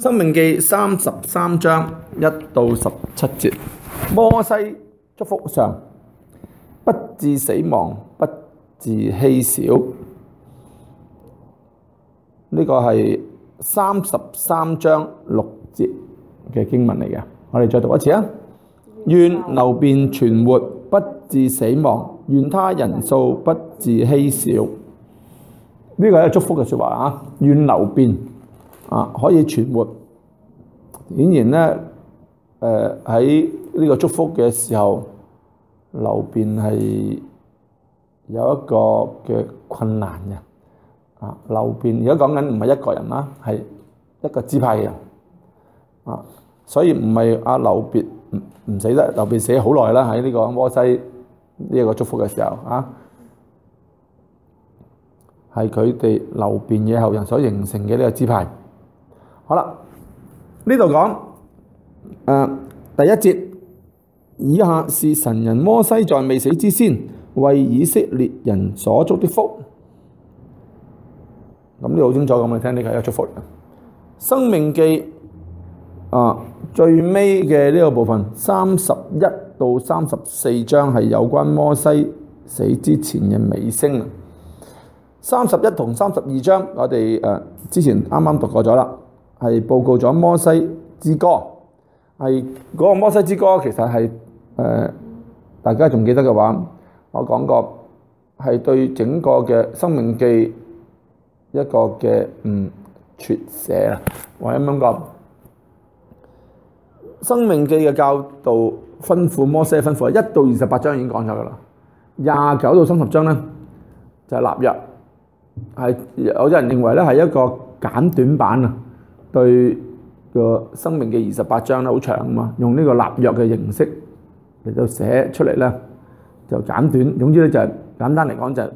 《申命記》三十三章一到十七節，摩西祝福上，不致死亡，不致稀少。呢、這個係三十三章六節嘅經文嚟嘅。我哋再讀一次啊！願流便存活，不致死亡；願他人數不致稀少。呢、這個係祝福嘅說話啊！願流便。啊！可以存活，顯然咧，誒喺呢個祝福嘅時候，流便係有一個嘅困難嘅。啊，流便而家講緊唔係一個人啦，係一個支派嘅人。啊，所以唔係啊，流便唔唔死得，流便死好耐啦。喺呢個摩西呢一個祝福嘅時候，啊，係佢哋流便嘅後人所形成嘅呢個支派。好啦，呢度講誒、呃，第一節以下是神人摩西在未死之先為以色列人所祝的福。咁你好清楚咁嚟，嗯、聽呢個係一個祝福嚟嘅。申命記啊，呃，最尾嘅呢個部分，三十一到三十四章係有關摩西死之前嘅尾聲。三十一同三十二章，我哋誒、呃、之前啱啱讀過咗啦。係報告咗摩西之歌，係嗰個摩西之歌，其實係誒大家仲記得嘅話，我講過係對整個嘅申命記一個嘅嗯闡寫啊。或者咁樣講，申命記嘅教導吩咐，摩西吩咐，一到二十八章已經講咗噶啦，廿九到三十章咧就係納入，係有啲人認為咧係一個簡短版啊。對個申命記嘅二十八章咧好長嘛，用呢個立約嘅形式嚟到寫出嚟咧，就簡短。總之咧就係、是、簡單嚟講就係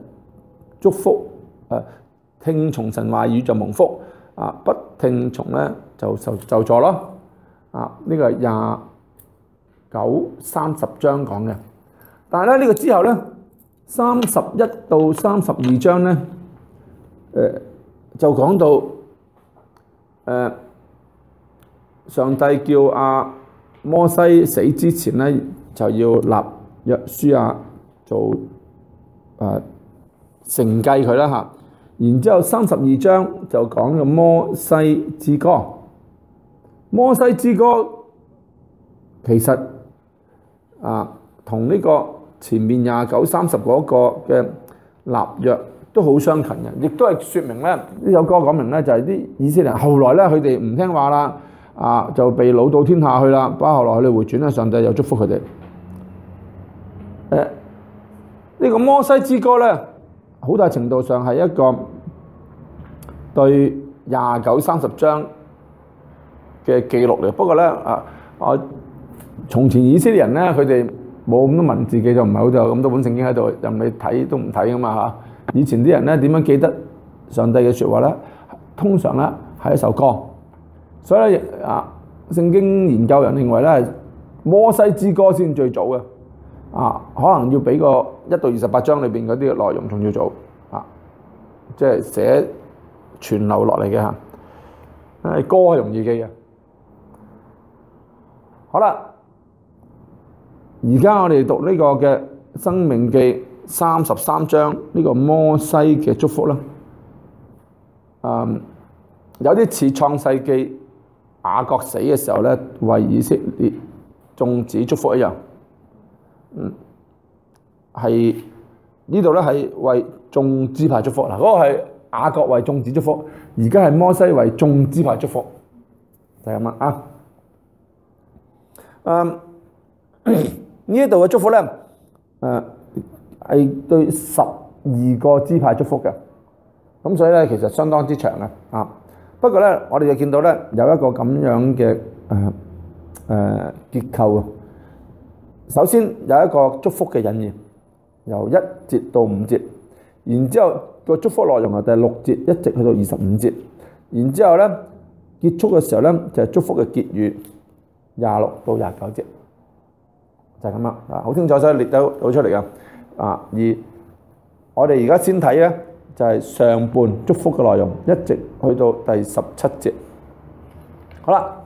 祝福，誒聽從神話語就蒙福，啊不聽從咧就受受詛咯。啊、這、呢個係廿九、三十章講嘅，但係咧呢個之後咧，三十一到三十二章咧，誒就講到。誒、呃，上帝叫阿、啊、摩西死之前咧，就要立約書亞做誒承繼佢啦嚇。然之後三十二章就講咗摩西之歌，摩西之歌其實啊同呢個前面廿九三十嗰個嘅立約都好相近，人，亦都係説明咧呢首歌講明咧，就係、是、啲以色列人後來咧，佢哋唔聽話啦，啊就被老到天下去啦。不過後來佢哋回轉咧，上帝又祝福佢哋。誒、呃，呢、這個摩西之歌咧，好大程度上係一個對廿九三十章嘅記錄嚟。不過咧啊，我、呃、從前以色列人咧，佢哋冇咁多文字記就唔係好有咁多本聖經喺度，任你睇都唔睇噶嘛嚇。以前啲人呢點樣記得上帝嘅説話呢？通常呢係一首歌，所以啊，聖經研究人認為呢，摩西之歌先最早嘅，啊，可能要比個一到二十八章裏面嗰啲內容仲要早，啊，即係寫傳流落嚟嘅，啊，歌係容易記嘅，好，啊，啦，而家我哋讀呢個嘅申命記。三十三章呢、這個摩西嘅祝福啦，嗯，有啲似創世紀雅各死嘅時候咧為以色列眾子祝福一樣，嗯，係呢度咧係為眾支派祝福嗱，嗰、那個係雅各為眾子祝福，而家係摩西為眾支派祝福，就係咁啦啊，嗯，呢一度嘅祝福咧，誒、嗯。係對十二個支派祝福嘅，咁所以咧其實相當之長嘅啊。不過咧，我哋就見到咧有一個咁樣嘅誒誒結構啊。首先有一個祝福嘅引言，由一節到五節，然之後個祝福內容啊，第六節一直去到二十五節，然之後咧結束嘅時候咧就係祝福嘅結語，廿六到廿九節就係咁啊，好清楚，所以列到好出嚟啊。啊！而我哋而家先睇咧，就係上半祝福嘅內容，一直去到第十七節。好啦，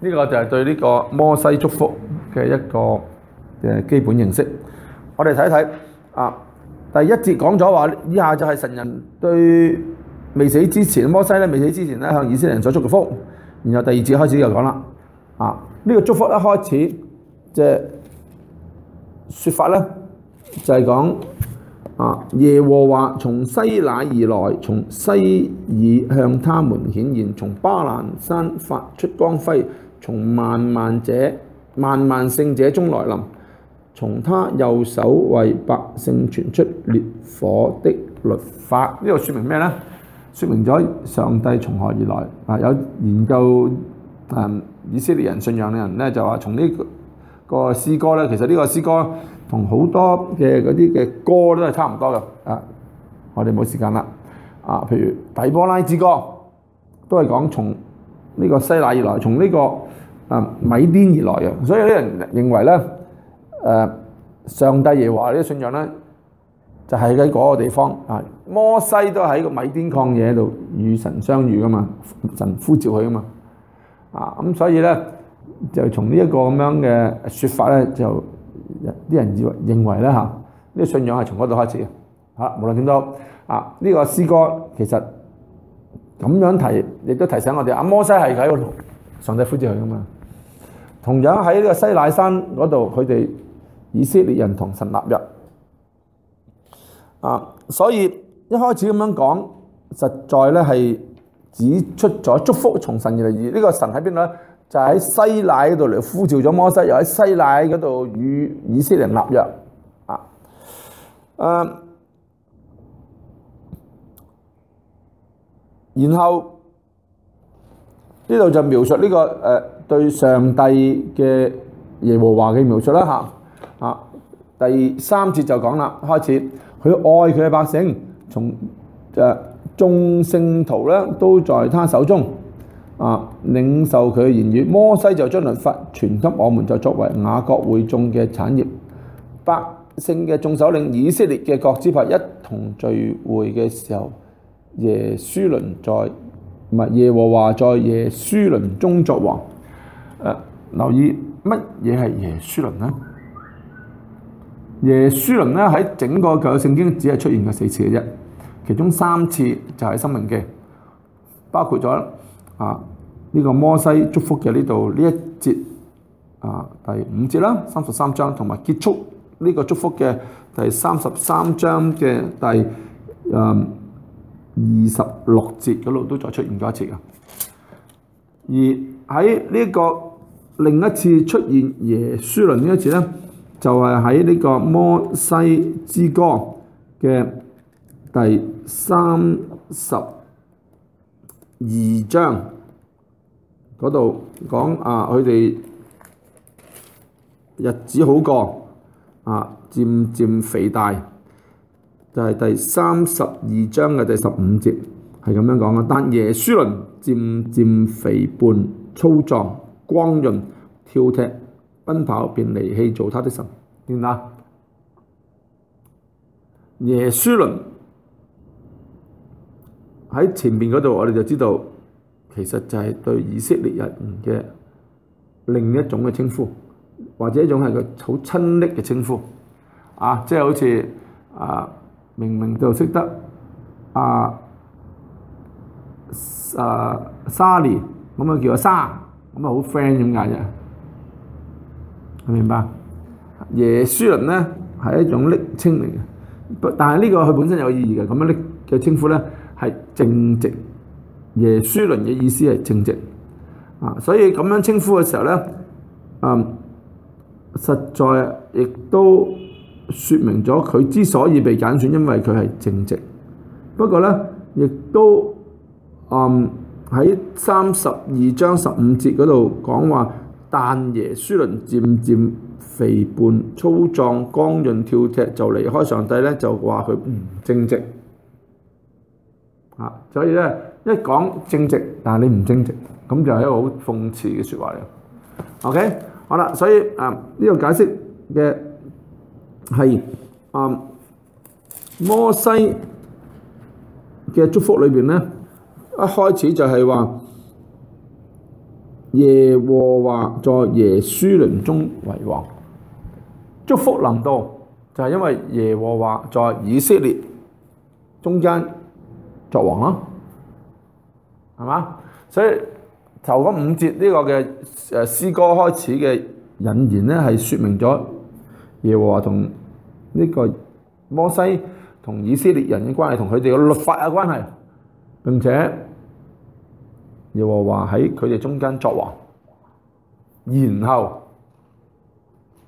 呢個就係對呢個摩西祝福嘅一個嘅基本認識。我哋睇一睇啊，第一節講咗話，以下就係神人對未死之前，摩西咧未死之前咧向以色列人所祝福。然後第二節開始就講啦，啊呢個祝福一開始即係說法咧。就係講啊，耶和華從西乃而來，從西珥向他們顯現，從巴蘭山發出光輝，從萬萬者萬萬聖者中來臨，從他右手為百姓傳出烈火的律法。呢個説明咩呢？説明咗上帝從何而來啊？有研究、嗯、以色列人信仰嘅人呢，就話從呢、這個。個詩歌咧，其實個詩呢個詩歌同好多嘅嗰啲嘅歌都係差唔多嘅。啊，我哋冇時間啦。啊，譬如《底波拉之歌》，都係講從呢個西乃而來，從呢、這個啊米甸而來嘅。所以有啲人認為咧，誒、啊、上帝耶華呢啲信仰咧，就係喺嗰個地方啊。摩西都喺個米甸曠野度與神相遇噶嘛，神呼召佢噶嘛。啊，咁所以咧。就從呢一個咁樣嘅説法咧，就啲人以為認為咧嚇，呢、啊這個信仰係從嗰度開始嘅嚇、啊。無論點都啊，呢、這個詩歌其實咁樣提，亦都提醒我哋阿、啊、摩西係喺度，上帝呼召佢噶嘛。同樣喺呢個西乃山嗰度，佢哋以色列人同神立約啊。所以一開始咁樣講，實在咧係指出咗祝福從神而嚟，而呢個神喺邊度咧？就喺西奈嗰度嚟呼召咗摩西，又喺西奈嗰度與以色列人立約、啊。然後呢度就描述呢、這個誒、呃、對上帝嘅耶和華嘅描述啦嚇嚇。第三節就講啦，開始佢愛佢嘅百姓，從誒眾聖徒咧都在他手中。啊！領受佢嘅言語，摩西就將律法傳給我們，就作為雅各會眾嘅產業。百姓嘅眾首領、以色列嘅各支派一同聚會嘅時候，耶書倫在唔係耶和華在耶書倫中作王。誒，留意乜嘢係耶書倫呢？耶書倫咧喺整個舊聖經只係出現過四次嘅啫，其中三次就係《申命記》，包括咗。啊！呢、這個摩西祝福嘅呢度呢一節啊，第五節啦，三十三章，同埋結束呢個祝福嘅第三十三章嘅第誒、嗯、二十六節嗰度都再出現咗一次嘅。而喺呢個另一次出現耶書崙呢一節咧，就係喺呢個摩西之歌嘅第三十。二章嗰度講啊，佢哋日子好過，啊，漸漸肥大，就係、是、第三十二章嘅第十五節，係咁樣講嘅。但耶書崙漸漸肥胖、粗壯、光潤、跳踢、奔跑，便離棄造他的神。完啦，耶書崙。喺前面嗰度，我哋就知道其實就係對以色列人嘅另一種嘅稱呼，或者一種係個好親暱嘅稱呼，啊，即係好似啊，明明就識得啊啊沙尼，咁咪叫阿沙，咁咪好 friend 咁解啫，明白？耶書崙呢係一種暱稱嚟嘅，但係呢個佢本身有意義嘅，咁樣暱嘅稱呼呢？係正直，耶書倫嘅意思係正直，啊，所以咁樣稱呼嘅時候咧，嗯，實在亦都説明咗佢之所以被揀選，因為佢係正直。不過咧，亦都嗯喺三十二章十五節嗰度講話，但耶書倫漸漸、肥胖、粗壯、光潤、跳踢，就離開上帝咧，就話佢唔正直。啊，所以咧一講正直，但係你唔正直，咁就係一個好諷刺嘅説話嚟。OK，好啦，所以啊呢、嗯這個解釋嘅係啊摩西嘅祝福裏邊咧，一開始就係話耶和華在耶書倫中為王，祝福臨到就係因為耶和華在以色列中間。作王咯，係嘛？所以頭嗰五節，呢個嘅誒詩歌開始嘅引言咧，係說明咗耶和華同呢個摩西同以色列人嘅關係，同佢哋嘅律法嘅關係，並且耶和華喺佢哋中間作王，然後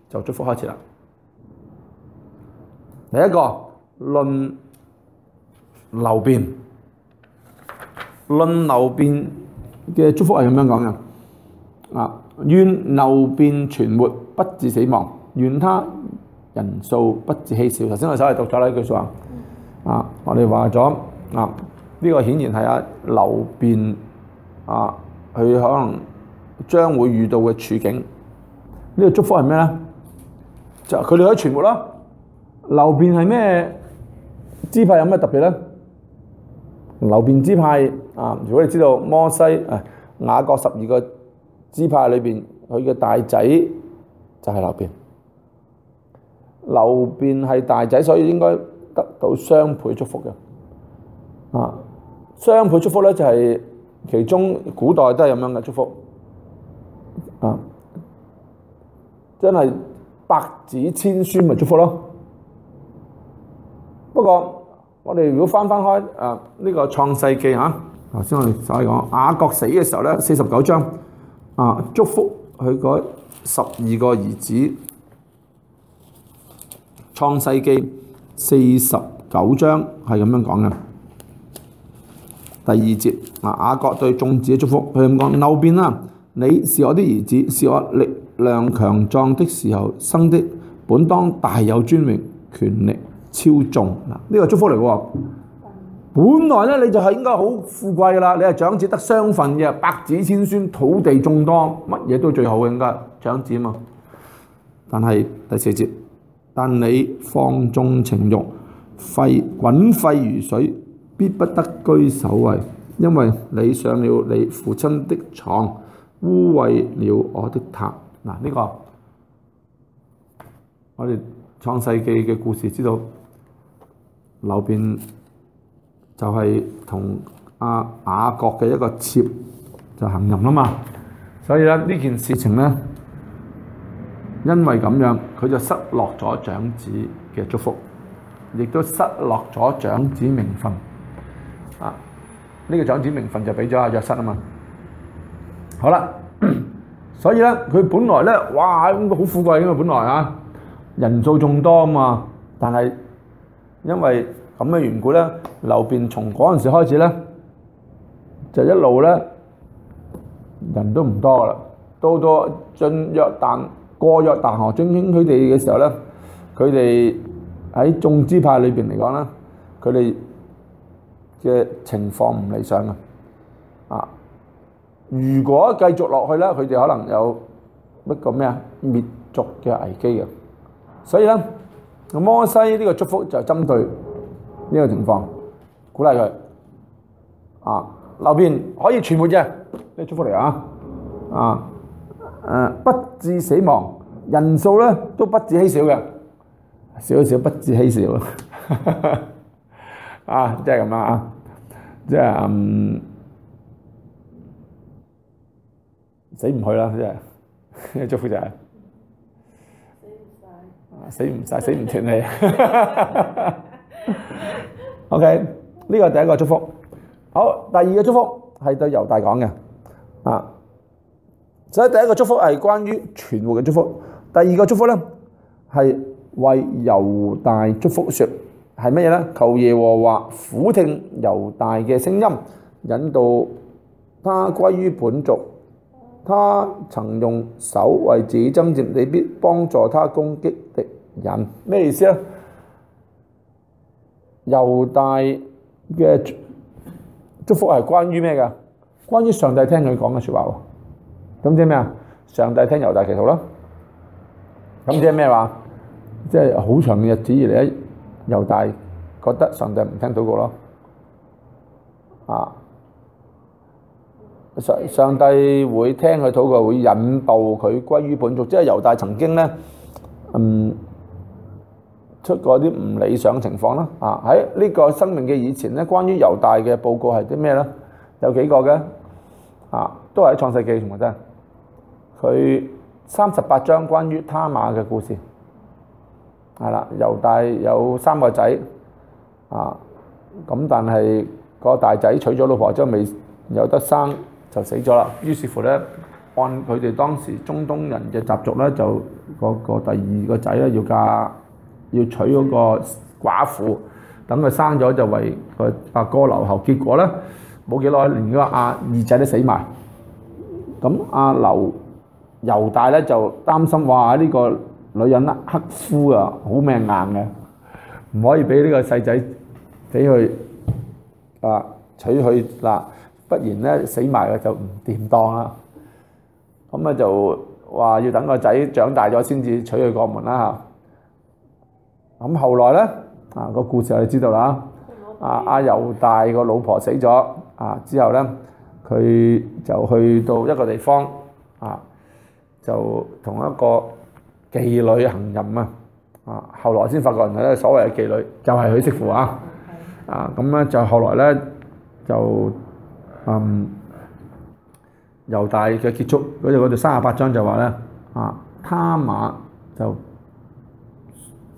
就祝福開始啦。第一個論流便。論流便嘅祝福係咁樣講嘅，啊願流便存活不至死亡，願他人數不致稀少。頭先我稍微讀咗呢句說話，啊我哋話咗啊呢、這個顯然係阿流便啊，佢可能將會遇到嘅處境。呢、這個祝福係咩咧？就佢哋可以存活咯。流便係咩支派，有咩特別咧？流便支派。啊！如果你知道摩西啊、哎，雅各十二個支派裏邊，佢嘅大仔就係流便，流便係大仔，所以應該得到雙倍祝福嘅。啊，雙倍祝福咧就係其中古代都係咁樣嘅祝福。啊，真係百子千孫咪祝福咯。不過我哋如果翻翻開啊，呢、這個創世記嚇。啊頭先我哋所謂講雅各死嘅時候咧，四十九章啊，祝福佢嗰十二個兒子。創世紀四十九章係咁樣講嘅，第二節啊，雅各對眾子嘅祝福，佢咁講：右 邊啦、啊，你是我的兒子，是我力量強壯的時候生的，本當大有尊榮，權力超眾。」嗱，呢個祝福嚟嘅。本來咧，你就係應該好富貴噶啦，你係長子得雙份嘅，百子千孫，土地眾多，乜嘢都最好嘅，應該長子嘛？但係第四節，但你放縱情慾，沸滾沸如水，必不得居首位，因為你上了你父親的床，污穢了我的榻。嗱、這個，呢個我哋創世記嘅故事知道，流便。就係同阿雅各嘅一個妾就行淫啦嘛，所以咧呢件事情咧，因為咁樣佢就失落咗長子嘅祝福，亦都失落咗長子名分啊！呢個長子名分就俾咗阿約瑟啊嘛，好。好 啦，所以咧佢本來咧，哇咁好富貴嘅嘛，本來啊人數眾多啊嘛，但係因為咁嘅緣故咧，流便從嗰陣時開始咧，就一路咧人都唔多啦。到到進約但過約但河，中興佢哋嘅時候咧，佢哋喺眾支派裏邊嚟講咧，佢哋嘅情況唔理想嘅。啊，如果繼續落去咧，佢哋可能有乜咁咩啊滅族嘅危機嘅。所以咧，摩西呢個祝福就針對。呢個情況鼓勵佢啊，樓邊可以傳媒嘅，呢祝福你啊！啊，嗯，不至死亡人數咧都不至稀少嘅，少少不至稀少啊！啊，即係咁啊！即係嗯，死唔去啦！即係祝福就係，死唔曬，死唔曬，死唔斷氣。O K，呢個第一個祝福，好，第二個祝福係對猶大講嘅啊，所以第一個祝福係關於全戶嘅祝福，第二個祝福呢，係為猶大祝福說係乜嘢呢？求耶和華俯聽猶大嘅聲音，引導他歸於本族。他曾用手為自己爭戰，你必幫助他攻擊敵人。咩意思啊？猶大嘅祝福係關於咩㗎？關於上帝聽佢講嘅說話喎。咁即係咩啊？上帝聽猶大祈禱咯。咁即係咩話？即係好長嘅日子以嚟咧，猶大覺得上帝唔聽到過咯。啊！上上帝會聽佢禱告，會引導佢歸於本族，即係猶大曾經咧，嗯。出過啲唔理想，情況啦，啊！喺呢個生命嘅以前咧，關於猶大嘅報告係啲咩呢？有幾個嘅啊，都喺創世記同埋真佢三十八章關於他馬嘅故事係啦，啊。猶大有三個仔啊，咁但係個大仔娶咗老婆之後未有得生就死咗啦。於是乎呢，按佢哋當時中東人嘅習俗呢，就嗰個第二個仔咧要嫁。要娶嗰個寡婦，等佢生咗就為個阿哥留後。結果咧，冇幾耐連個阿二仔都死埋。咁阿劉猶大咧就擔心，話，呢個女人克夫啊，好命硬嘅，唔可以俾呢個細仔俾佢啊娶佢啦，不然咧死埋嘅就唔掂當啦。咁啊就話要等個仔長大咗先至娶佢過門啦嚇。咁後來咧，啊個故事我哋知道啦， 啊阿猶大個老婆死咗，啊之後咧，佢就去到一個地方，啊就同一個妓女行淫啊，啊後來先發覺原來咧所謂嘅妓女就係佢媳婦啊，啊咁咧就後來咧就嗯猶大嘅結束，嗰度嗰度三十八章就話咧啊他馬就。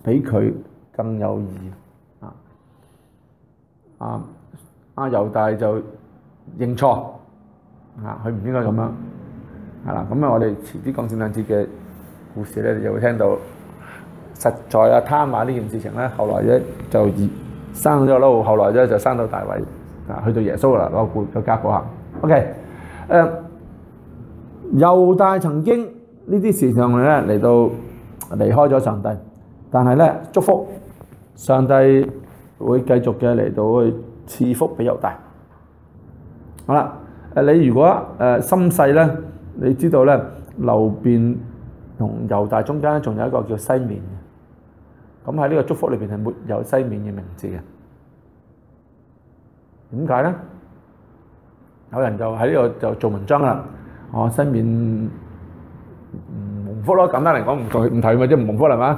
比佢更有意義啊！啊啊！猶大就認錯嚇，佢唔應該咁樣係啦。咁啊，我哋遲啲講聖誕節嘅故事咧，你就會聽到實在啊，貪玩呢、啊、件事情咧，後來咧就生咗咯，後來咧就生到大衛啊，去到耶穌啦，攞個家婆行。OK，誒猶大曾經呢啲事上咧嚟到離開咗上帝。但係咧，祝福上帝會繼續嘅嚟到去賜福俾猶大。好啦，誒你如果誒心細咧，你知道咧，流便同猶大中間咧，仲有一個叫西面嘅。咁喺呢個祝福裏邊係沒有西面嘅名字嘅。點解咧？有人就喺呢度就做文章啦。哦，西面唔蒙福咯，簡單嚟講，唔唔提咪啫，唔蒙福係咪？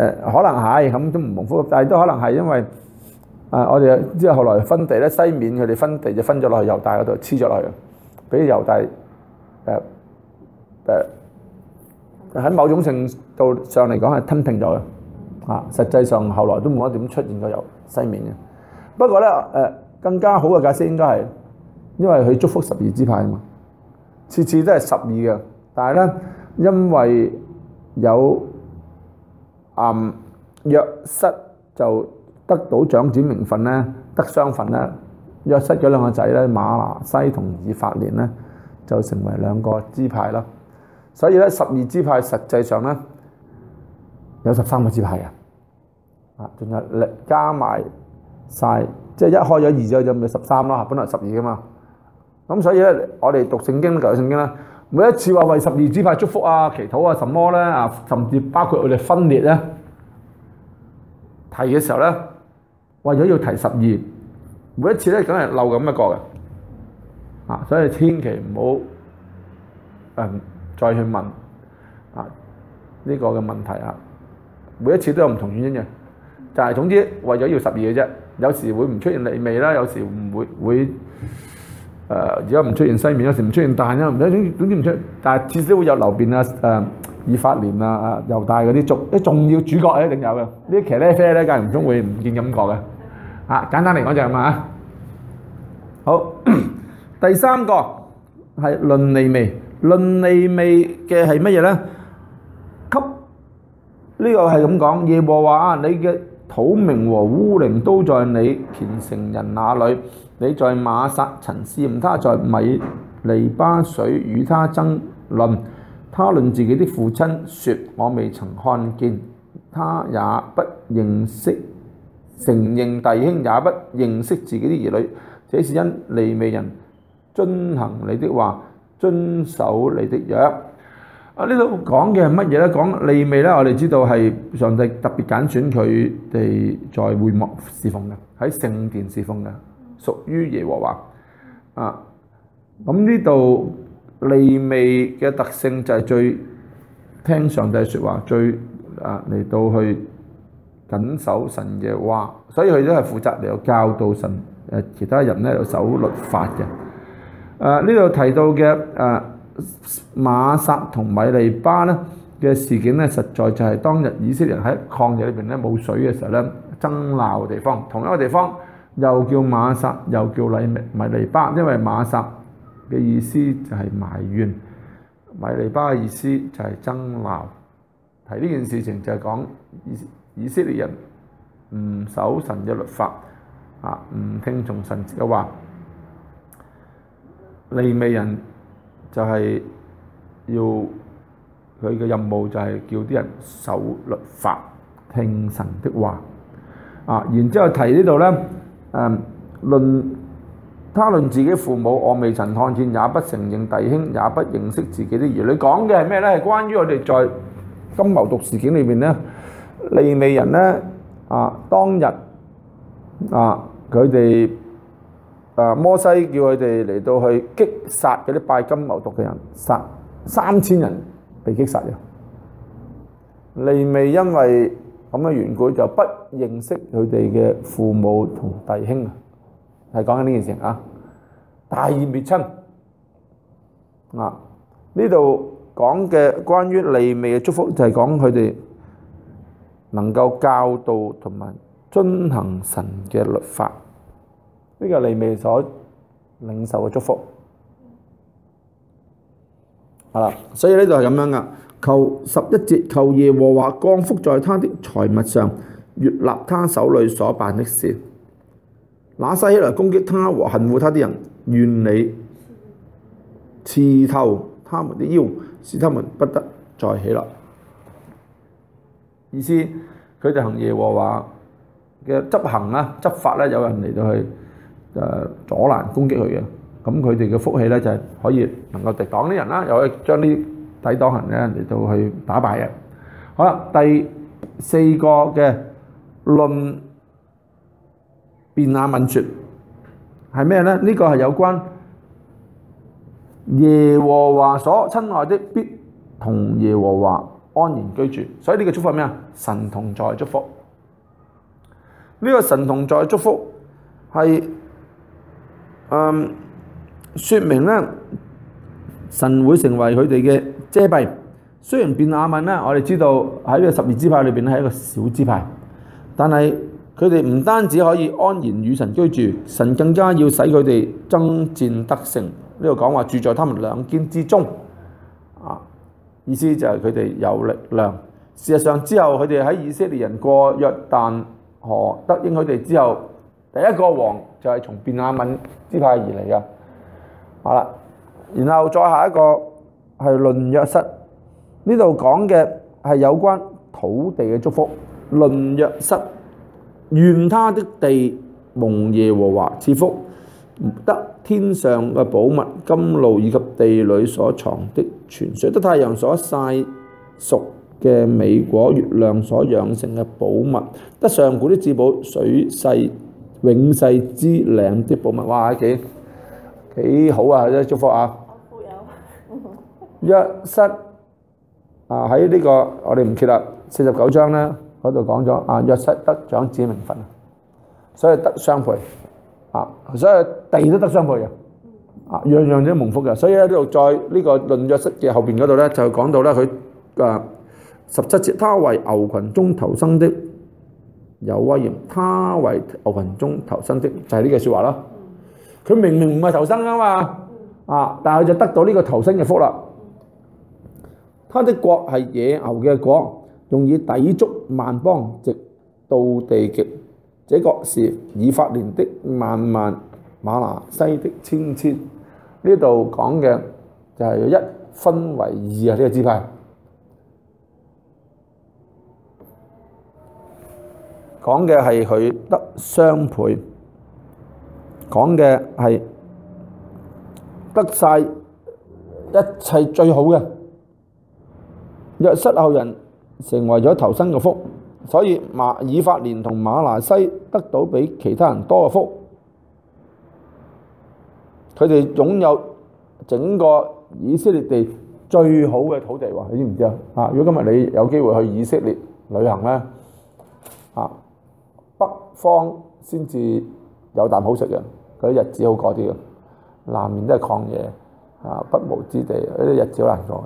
誒可能係咁都唔蒙福，但係都可能係因為啊，我哋之後後來分地咧，西面佢哋分地就分咗落去猶大嗰度黐咗落去，俾猶大誒誒喺某種程度上嚟講係吞併咗嘅，啊，實際上後來都冇一點出現過由西面嘅。不過咧誒、呃，更加好嘅解釋應該係因為佢祝福十二支派啊嘛，次次都係十二嘅，但係咧因為有。啊！約瑟就得到長子名分咧，得雙份咧。約瑟嗰兩個仔咧，馬拿西同以法蓮咧，就成為兩個支派啦。所以咧，十二支派實際上咧有十三個支派人。啊，仲有嚟加埋曬，即係一開咗二之後就咪十三咯。本來十二㗎嘛。咁所以咧，我哋讀聖經就聖經啦。每一次話為十二支派祝福啊、祈禱啊、什麼咧啊，甚至包括佢哋分裂咧提嘅時候咧，為咗要提十二，每一次咧梗係漏咁一個嘅。啊，所以千祈唔好誒再去問啊呢個嘅問題啊，每一次都有唔同原因嘅，就係總之為咗要十二嘅啫，有時會唔出現利未啦，有時唔會會。會誒而家唔出現西面，有時唔出現，但係咧總之總之唔出，但係至少會有流便啊、誒以法蓮啊、啊猶大嗰啲族，啲重要主角係一定有嘅。呢啲騎呢啡咧，間唔中會唔見咁講嘅。啊，簡單嚟講就係咁啊！好，第三個係論利未，論利未嘅係乜嘢咧？給呢個係咁講，耶和華啊，你嘅土明和烏陵都在你虔誠人那裡。你在瑪撒曾試驗他，在米利巴水與他爭論。他論自己的父親，說：我未曾看見他，也不認識，承認弟兄，也不認識自己的兒女。這是因利未人遵行你的話，遵守你的約。啊，講呢度講嘅係乜嘢咧？講利未咧，我哋知道係上帝特別揀選佢哋在會幕侍奉嘅，喺聖殿侍奉嘅。屬於耶和華啊！咁呢度利未嘅特性就係最聽上帝説話，最啊嚟到去緊守神嘅話，所以佢都係負責嚟到教導神誒、啊、其他人咧，又守律法嘅。誒呢度提到嘅誒、啊、馬撒同米利巴呢嘅事件呢，實在就係當日以色列人喺曠野裏邊咧冇水嘅時候咧爭鬧嘅地方，同一個地方。又叫馬撒，又叫利未米，米尼巴，因為馬撒嘅意思就係埋怨，米尼巴嘅意思就係爭鬧。提呢件事情就係講以以色列人唔守神嘅律法啊，唔聽從神嘅話。利未人就係要佢嘅任務就係叫啲人守律法、聽神的話。啊，然之後提呢度咧。誒論他論自己父母，我未曾看見，也不承認弟兄，也不認識自己的兒女。講嘅係咩呢？係關於我哋在金牛犢事件裏面呢，利未人呢，啊，當日啊，佢哋、啊、摩西叫佢哋嚟到去擊殺嗰啲拜金牛犢嘅人，殺三千人被擊殺咗。利未因為。咁嘅原故就不認識佢哋嘅父母同弟兄啊，係講緊呢件事情啊，大義滅親啊！呢度講嘅關於利未嘅祝福，就係講佢哋能夠教導同埋遵行神嘅律法，呢個係利未所領受嘅祝福係啦，所以呢度係咁樣㗎。求十一節，求耶和華降福在他的財物上，悅納他手裏所辦的事，那些起來攻擊他和恨惡他的人，願你刺透他們的腰，使他們不得再起來。意思佢哋行耶和華嘅執行啦、執法咧，有人嚟到去誒阻攔攻擊佢嘅，咁佢哋嘅福氣咧就係可以能夠敵擋啲人啦，又可以將啲。抵擋人咧，人哋就去打敗人。好啦，第四個嘅論便雅憫説係咩咧？呢個係有關耶和華所親愛的必同耶和華安然居住。所以呢個祝福係咩啊？神同在祝福。呢個神同在祝福係誒，説明咧神會成為佢哋嘅。遮蔽，雖然便雅憫咧，我哋知道喺呢個十二支派裏邊咧係一個小支派，但係佢哋唔單止可以安然與神居住，神更加要使佢哋爭戰得勝。呢度講話住在他們兩肩之中，啊，意思就係佢哋有力量。事實上之後，佢哋喺以色列人過約旦河得應許地之後，第一個王就係從便雅憫支派而嚟嘅。好、啊、啦，然後再下一個。係論約瑟呢度講嘅係有關土地嘅祝福。論約瑟，願他的地蒙耶和華賜福，得天上嘅寶物、甘露以及地裏所藏的泉水，得太陽所曬熟嘅美果，月亮所養成嘅寶物，得上古的至寶、水世永世之嶺的寶物。哇，幾幾好啊！呢祝福啊！約瑟啊喺、這個、呢個我哋唔揭喇，四十九章咧嗰度講咗啊，約瑟得長子名分，所以得雙倍啊，所以地都得雙倍嘅啊，樣樣都蒙福嘅。所以喺呢度再呢、這個論約瑟嘅後邊嗰度咧就講到咧佢嘅十七節，他為牛群中頭生的有威嚴，他為牛群中頭生的就係呢句説話咯。佢明明唔係頭生噶嘛啊，但係佢就得到呢個頭生嘅福啦。他的國係野牛嘅國，用以抵觸萬邦，直到地極。這個是以法蓮的萬萬，馬拿西的千千。呢度講嘅就係一分為二啊！呢、這個字眼講嘅係佢得雙倍，講嘅係得曬一切最好嘅。約瑟後人成為咗頭生嘅福，所以馬以法蓮同瑪拿西得到比其他人多嘅福。佢哋擁有整個以色列地最好嘅土地，你知唔知啊？啊，如果今日你有機會去以色列旅行咧，啊，北方先至有啖好食嘅，嗰啲日子好過啲嘅。南面都係曠野，啊，不毛之地，嗰啲日子好難過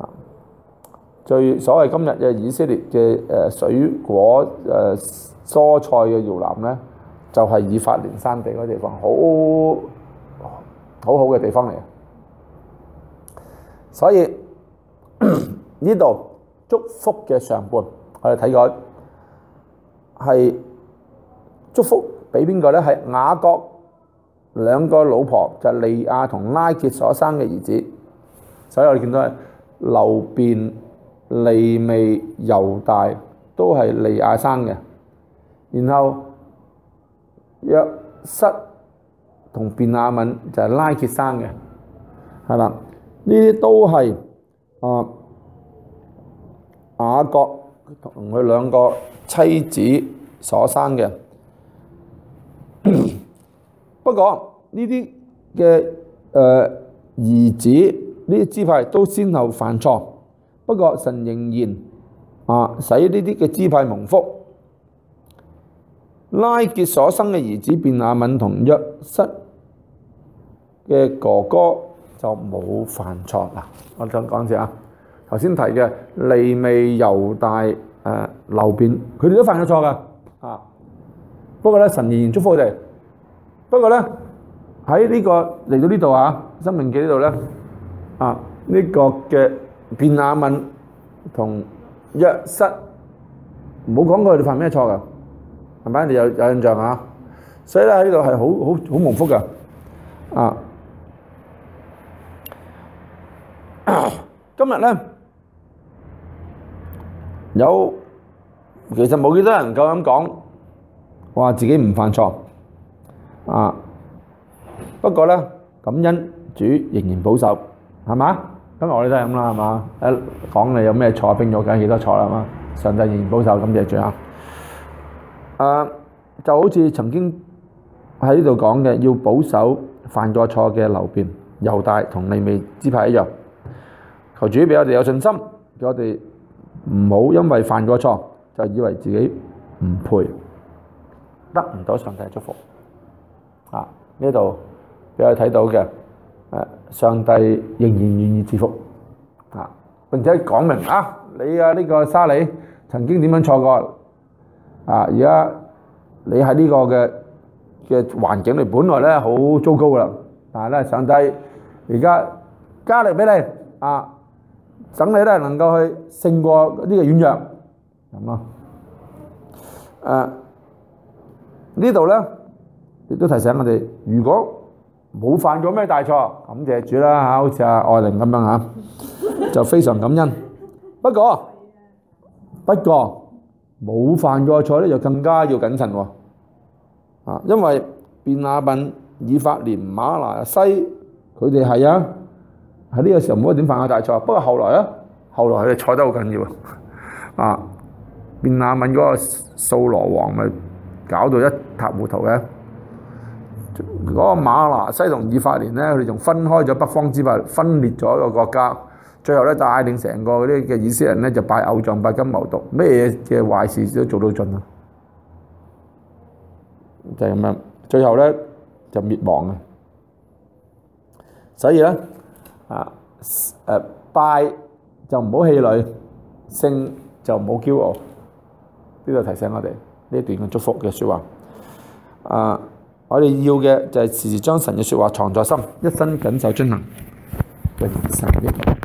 啊。最所謂今日嘅以色列嘅誒水果誒蔬菜嘅搖籃咧，就係、是、以法蓮山地嗰地方，好好好嘅地方嚟。所以呢度 祝福嘅上半，我哋睇佢係祝福俾邊個咧？係雅各兩個老婆就係利、是、亞同拉結所生嘅兒子。所以我哋見到係流便。利未、猶大都係利亞生嘅，然後約瑟同便雅憫就係拉結生嘅，係啦，呢啲都係啊雅各同佢兩個妻子所生嘅。 不過呢啲嘅誒兒子呢啲支派都先後犯錯。不過神仍然啊，使呢啲嘅支派蒙福，拉結所生嘅兒子便雅憫同約瑟嘅哥哥就冇犯錯啦。我想講一次啊，頭先提嘅利未、猶大誒流便，佢哋都犯咗錯嘅啊。不過咧，神仍然祝福佢哋。不過咧，喺呢個嚟到呢度啊，《申命記》呢度咧啊，呢個嘅。便雅憫同約瑟，唔好講佢哋犯咩錯噶，係咪？你有有印象啊？所以咧喺度係好好好蒙福噶，啊！今日咧有，其實冇幾多人夠膽講，話自己唔犯錯啊。不過咧，感恩主仍然保守，係嘛？今日我哋都係咁啦，係嘛？一講你有咩錯，咗梗係幾多錯啦？係嘛，上帝仍然保守感謝主啊！就, uh, 就好似曾經喺呢度講嘅，要保守犯過錯嘅流便、猶大同利未支派一樣，求主俾我哋有信心，叫我哋唔好因為犯過錯就以為自己唔配，得唔到上帝祝福啊！呢度俾我哋睇到嘅。上帝仍然願意祝福啊！並且講明啊，你啊呢個沙利曾經點樣錯過啊？而家你喺呢個嘅嘅環境裏，你本來咧好糟糕啦，但係咧上帝而家加力俾你啊，等你咧能夠去勝過呢個軟弱咁咯。誒，呢度咧亦都提醒我哋，如果冇犯過咩大錯，感謝主啦！好似阿愛玲咁樣嚇， 就非常感恩。不過不過冇犯過錯咧，就更加要謹慎喎。啊，因為便雅憫、以法蓮、馬拿西，佢哋係啊喺呢個時候唔好點犯下大錯。不過後來咧，後來佢哋錯得好緊要啊！啊，便雅憫嗰個掃羅王咪搞到一塌糊塗嘅。嗰個馬拿西同以法蓮咧，佢哋仲分開咗北方支派，分裂咗一個國家。最後咧就帶領成個嗰啲嘅以色列人咧就拜偶像、拜金謀奪，咩嘢嘅壞事都做到盡啦，就係咁樣。最後咧就滅亡啊！所以咧，啊誒，拜就唔好氣餒，勝就唔好驕傲。呢度提醒我哋呢一段嘅祝福嘅説話啊。我哋要嘅就係時時將神嘅說話藏在心，一生謹守遵行嘅神的道。